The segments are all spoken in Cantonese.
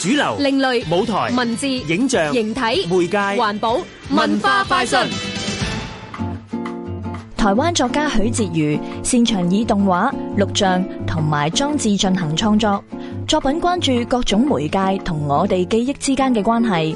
主流、另類舞台、文字、影像、形體、媒介、環保、文化、快訊。台灣作家許哲瑜擅長以動畫、錄像同埋裝置進行創作，作品關注各種媒介同我哋記憶之間嘅關係。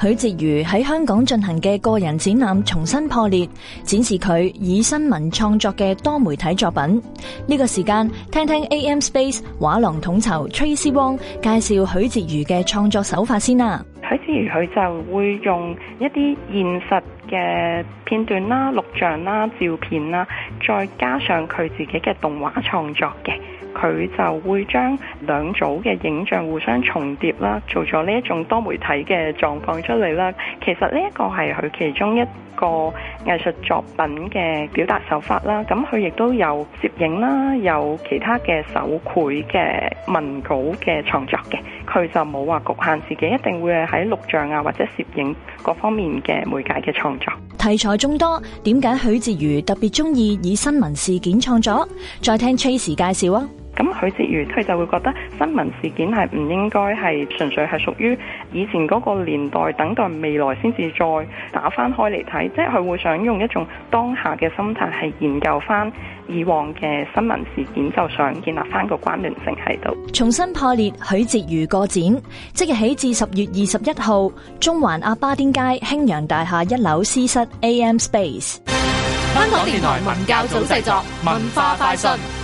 許哲瑜喺香港進行嘅個人展覽《重新破裂》，展示佢以新聞創作嘅多媒體作品。呢個時間聽聽 AM Space 畫廊統籌 Tracey Wong 介紹許志如嘅創作手法先啦。許志如佢就會用一啲現實嘅片段啦、錄像啦、照片啦，再加上佢自己嘅動畫創作嘅。佢就會將兩組嘅影像互相重疊啦，做咗呢一種多媒體嘅狀況出嚟啦。其實呢一個係佢其中一個藝術作品嘅表達手法啦。咁佢亦都有攝影啦，有其他嘅手繪嘅文稿嘅創作嘅。佢就冇話局限自己，一定會係喺錄像啊或者攝影各方面嘅媒介嘅創作。題材眾多，點解許志餘特別中意以新聞事件創作？再聽崔 r 介紹啊！咁許哲如佢就會覺得新聞事件係唔應該係純粹係屬於以前嗰個年代，等待未來先至再打翻開嚟睇，即係佢會想用一種當下嘅心態去研究翻以往嘅新聞事件，就想建立翻個關聯性喺度。重新破裂許哲如個展，即日起至十月二十一號，中環阿巴丁街興揚大廈一樓私室 AM Space。香港電台文教組製作文化快訊。